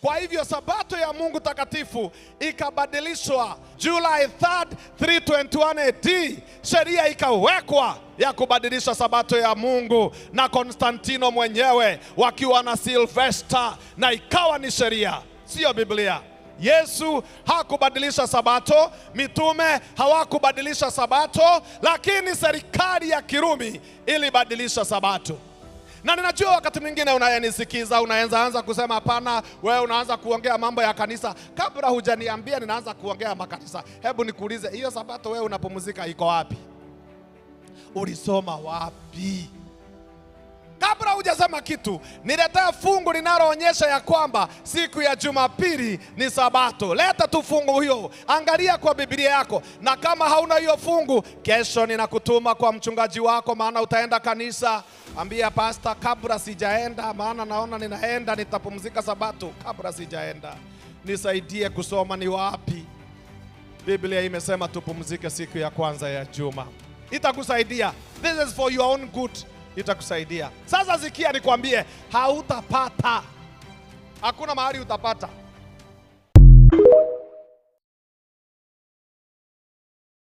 Kwa hivyo sabato ya Mungu takatifu ikabadilishwa July 3, 321 AD, sheria ikawekwa ya kubadilisha sabato ya Mungu na Konstantino mwenyewe wakiwa na Silvesta, na ikawa ni sheria, siyo Biblia. Yesu hakubadilisha sabato, mitume hawakubadilisha sabato, lakini serikali ya Kirumi ilibadilisha sabato na ninajua wakati mwingine unayenisikiza unaanza anza kusema hapana, wewe unaanza kuongea mambo ya kanisa kabla hujaniambia ninaanza kuongea makanisa. Hebu nikuulize, hiyo sabato wewe unapumzika iko wapi? Ulisoma wapi? sijasema kitu. Niletea fungu linaloonyesha ya kwamba siku ya Jumapili ni Sabato. Leta tu fungu hiyo, angalia kwa Biblia yako, na kama hauna hiyo fungu, kesho ninakutuma kwa mchungaji wako, maana utaenda kanisa. Ambia pasta, kabla sijaenda, maana naona ninaenda, nitapumzika Sabato. Kabla sijaenda, nisaidie kusoma ni wapi Biblia imesema tupumzike siku ya kwanza ya juma. Itakusaidia. This is for your own good itakusaidia Sasa zikia nikwambie, hautapata, hakuna mahali utapata